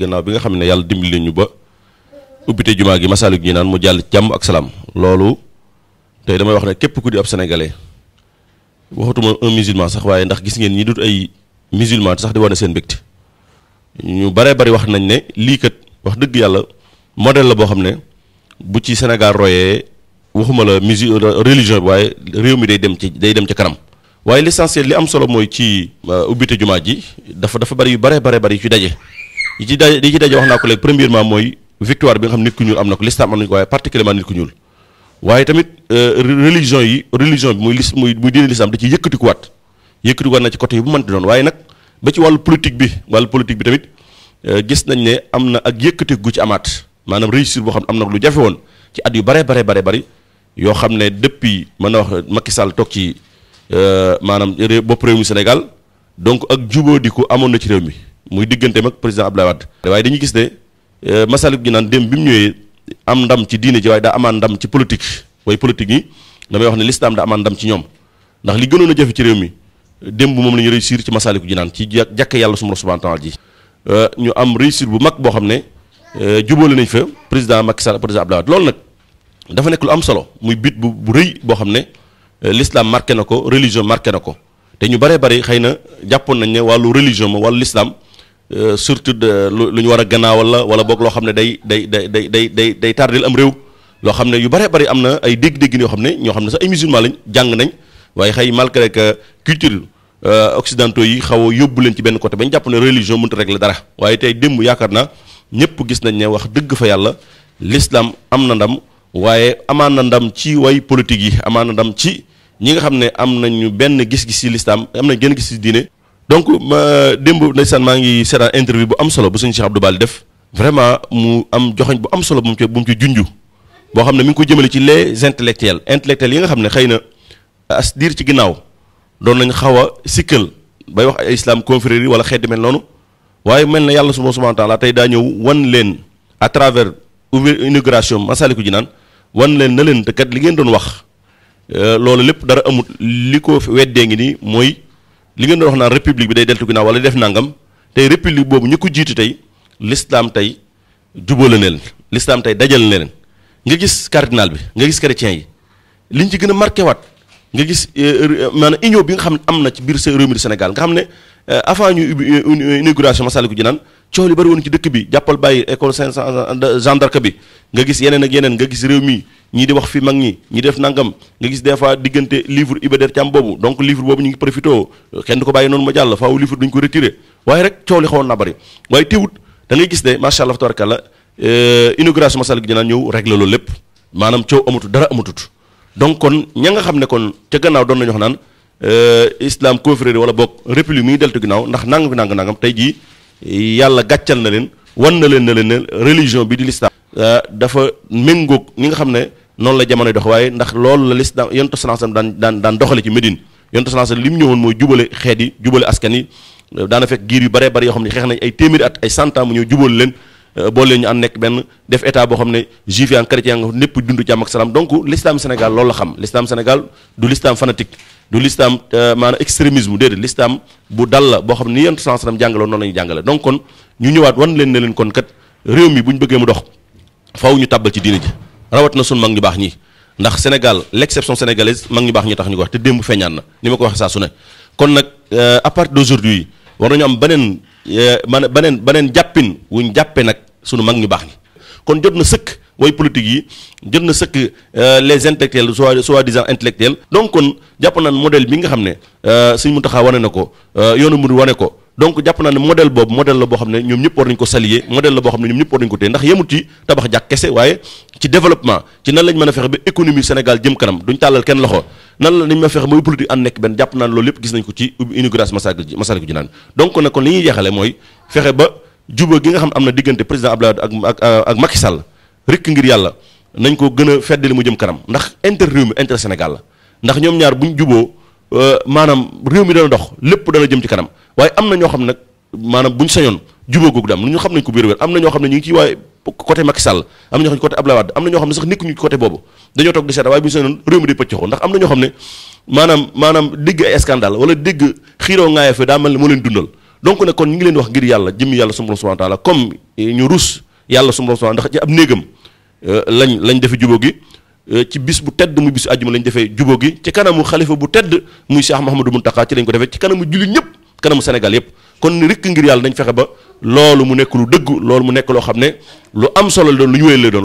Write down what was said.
gannaaw bi nga xam ne yàlla dimbali ñu ba ubbite jumaa gi masalik ñu naan mu jàll jàmm ak salaam loolu tey damay wax ne képp ku di ab sénégalais waxatuma un musulman sax waaye ndax gis ngeen ñi dut ay musulman sax di wane seen mbégte ñu bare bari wax nañ ne lii kat wax dëgg yàlla modèle la boo xam ne bu ci Sénégal royee waxuma la musu religion bi waaye réew mi day dem ci day dem ci kanam waaye l'essentiel li am solo mooy ci euh, ubbite jumaa ji dafa dafa bari yu bare bare bari ci daje yi ci daje yi ci daje wax naa ko léegi premièrement mooy victoire bi nga xam nit ku ñuul am na ko l'islam am nañu ko waaye particulièrement nit ku ñuul waaye tamit euh, religion yi religion bi muy lis muy muy diine l'islam da ci yëkkatikuwaat yëkkatikuwaat na ci côté yi bu mënti doon waaye nag ba ci wàllu politique bi wàllu politique bi tamit euh, gis nañ ne am na ak yëkkatiku gu ci amaat maanaam réussir boo xam ne am na lu jafe woon ci at yu bare bare bare bari yoo xam ne depuis mën na wax Macky Sall toog ci euh, maanaam bopp réew mi Sénégal donc ak jubóo di ko na ci réew mi muy diggante mag président Abdoulaye Wade waaye dañu gis ne euh, masalik gi naan démb bi mu ñëwee am ndam ci diine ji waaye daa amaan ndam ci politique waaye politique yi damay wax ne lislaam daa amaan ndam ci ñoom ndax li gënoon a jafe ci réew mi démb moom la ñu réussir ci masaliku ji naan ci jàkk yàlla suma subhaanahu taala ji ñu am réussir bu mag boo xam ne euh, jubóole nañ fa président Macky Sall président Abdoulaye lool nag dafa nekk lu am solo muy bit bu bu rëy boo xam ne euh, l'islam marqué na ko religion marqué na ko te ñu bare bare xëy na jàppoon nañ ne wàllu religion ma wàllu l'islam Euh, surtout lu ñu war a gannaawal la wala boog loo xam ne day day day day day day day tardel am réew loo xam ne yu bare bari am na ay dégg-dégg yoo xam ne ñoo xam ne sax ay musulman jàng nañ waaye xëy malgré que culture euh, occidentaux yi xaw a yóbbu leen ci benn côté bañ jàpp ne religion mënut a régler dara waaye tey démb yaakaar naa ñëpp gis nañ ne wax dëgg fa yàlla l'islam am na ndam waaye amaan ndam ci way politique yi amaan ci ñi nga xam ne am nañu benn gis-gis ci l'islam na nañ genn gis-gis diine donc ma démb ndeysaan maa ngi seetaan interview bu am solo bu suñ Cheikh Abdou Bal def vraiment mu am joxañ bu am solo bu mu ci bu mu junju boo xam ne mi ngi ko jëmale ci les intellectuels intellectuels yi nga xam ne xëy na as diir ci ginnaaw doon nañ xaw a sikkal bay wax ay islam confrérie wala xeeti mel noonu waaye mel na yàlla subhaanahu wa taala tey daa ñëw wan leen à travers ouvrir inauguration Massalikul Jinaan wan leen na leen te kat li ngeen doon wax euh, loolu lépp dara amut li ko weddee ngi ni mooy. li ngeen doon wax naan république bi day deltu ginnaaw wala def nangam tey république boobu ñu jiitu tey l'islam tey jubóole na leen l'islam tey dajal na nga gis cardinal bi nga gis chrétien yi liñ ci gën a marqué waat nga gis euh, euh, euh, maanaam union bi nga xam ne am na ci biir réew mi Sénégal nga xam ne avant ñu inauguration Massalikul Jinaan coow li bari woon ci dëkk bi jàppal bàyyi école Saint Jean d'Arc bi nga gis yeneen ak yeneen nga gis réew mi. ñii di wax fi mag ñi ñi def nangam nga gis des fois diggante livre Iba Der Thiam boobu donc livre boobu ñu ngi profité kenn du ko bàyyi noonu ma jàll faaw livre duñ ko retiré waaye rek coow li xawoon na bëri waaye teewut da ngay gis ne macha allah tabarakallah euh, inauguration Massalikul Jinaan ñëw réglé loolu lépp maanaam coow amatut dara amatut donc kon ña nga xam ne kon ca gannaaw doon nañu wax naan euh, islam confrérie wala boog république mi ngi deltu ginnaaw ndax nangam nangam nangam tey jii yàlla gàccal na leen wan na leen na leen ne bi di l'islam euh, dafa méngoog ñi nga xam ne noonu la jamono dox waaye ndax lool la lislam yonent salaasam daan daan daan doxale ci Médine yonent salaasam li mu ñëwoon mooy jubale xeet yi jubale askan yi daana fekk giir yu bare bare yoo xam ne xeex nañ ay téeméeri at ay cent ans mu ñëw jubal leen euh, boo leen ñu ànd nekk benn def état boo xam ne juif yaa ngi chrétien nga népp dund jàmm ak salaam donc l'islam Sénégal loolu la xam l'islam Sénégal du l'islam fanatique du l'islam euh, maanaam extrémisme déedéet l'islam bu dal boo xam ne ni yonent salaasam jàngaloon noonu la ñu jàngale donc kon ñu ñëwaat wan leen ne leen kon kat réew mi bu ñu bëggee mu dox faaw ñu tàbbal ci diine ji rawat na sunu mag ñu baax ñi ndax Sénégal l'exception sénégalaise mag ñu baax ñi tax ñu ko wax te démb feeñaan na ni ma ko wax saa su ne kon nag euh, à partir d'aujourd'hui war nañu am beneen euh, man beneen beneen jàppin wuñ jàppee nag suñu mag ñu baax ni kon jot na sëkk way politique yi jot na sëkk euh, les intellectuels soit soi-disant intellectuels donc kon jàpp naan modèle bi nga xam ne suñ mu taxa wane na ko yoonu Mouride wane ko donc jàpp naa ne modèle boobu modèle la boo xam ne ñoom ñëpp war nañu ko saluer modèle la boo xam ne ñoom ñëpp war nañu ko téye ndax yemut ci tabax jàkk kese waaye ci développement ci nan lañ mën a fexe ba économie Sénégal jëm kanam duñ tàllal kenn loxo nan la nañ mën a fexe mooy politique ànd nekk benn jàpp naa ne loolu yëpp gis nañ ko ci inauguration Massalikul Jinaan donc nag kon li ñuy jeexale mooy fexe ba juba gi nga xam am na diggante président Abdoulaye Wade ak ak ak rek ngir yàlla nañ ko gën a feddali mu jëm kanam ndax intérêt réew mi Sénégal ndax ñoom ñaar buñ juboo Euh, maanaam réew mi dana dox lépp dana jëm ci kanam waaye am na ñoo xam nag maanaam bu ñu sañoon jubóo googu daam ñu xam nañ ko biir am na ñoo xam ne ñu ngi ci waaye côté Macky Sall am na ñoo xam ne xam ne sax nekkuñu côté boobu dañoo toog di seeta waaye bu ñu sañoon réew mi di pëccoxoo ndax am na maanaam maanaam dégg ay scandale wala dégg xiiroo ngaaya fe daa mel ne moo leen dundal donc nag kon ñu ngi leen wax ngir yàlla jëmmi yàlla sunu borom subhanahu wa taala comme eh, ñu rus yàlla sunu borom subhanahu ndax ci ab néegam euh, lañ lañ defi jubóo gi Euh, ci bis bu tedd mu bisu àjjuma lañ defee jubo gi ci kanamu xalifa bu tedd muy Cheikh Mouhamadou Mountakha ci lañ ko defee ci kanamu jullit ñëpp kanamu Sénégal yëpp kon rikk ngir yàlla nañ fexe ba loolu mu nekk lu dëgg loolu mu nekk loo xam ne lu am solo la lu ñu wéyal la doon.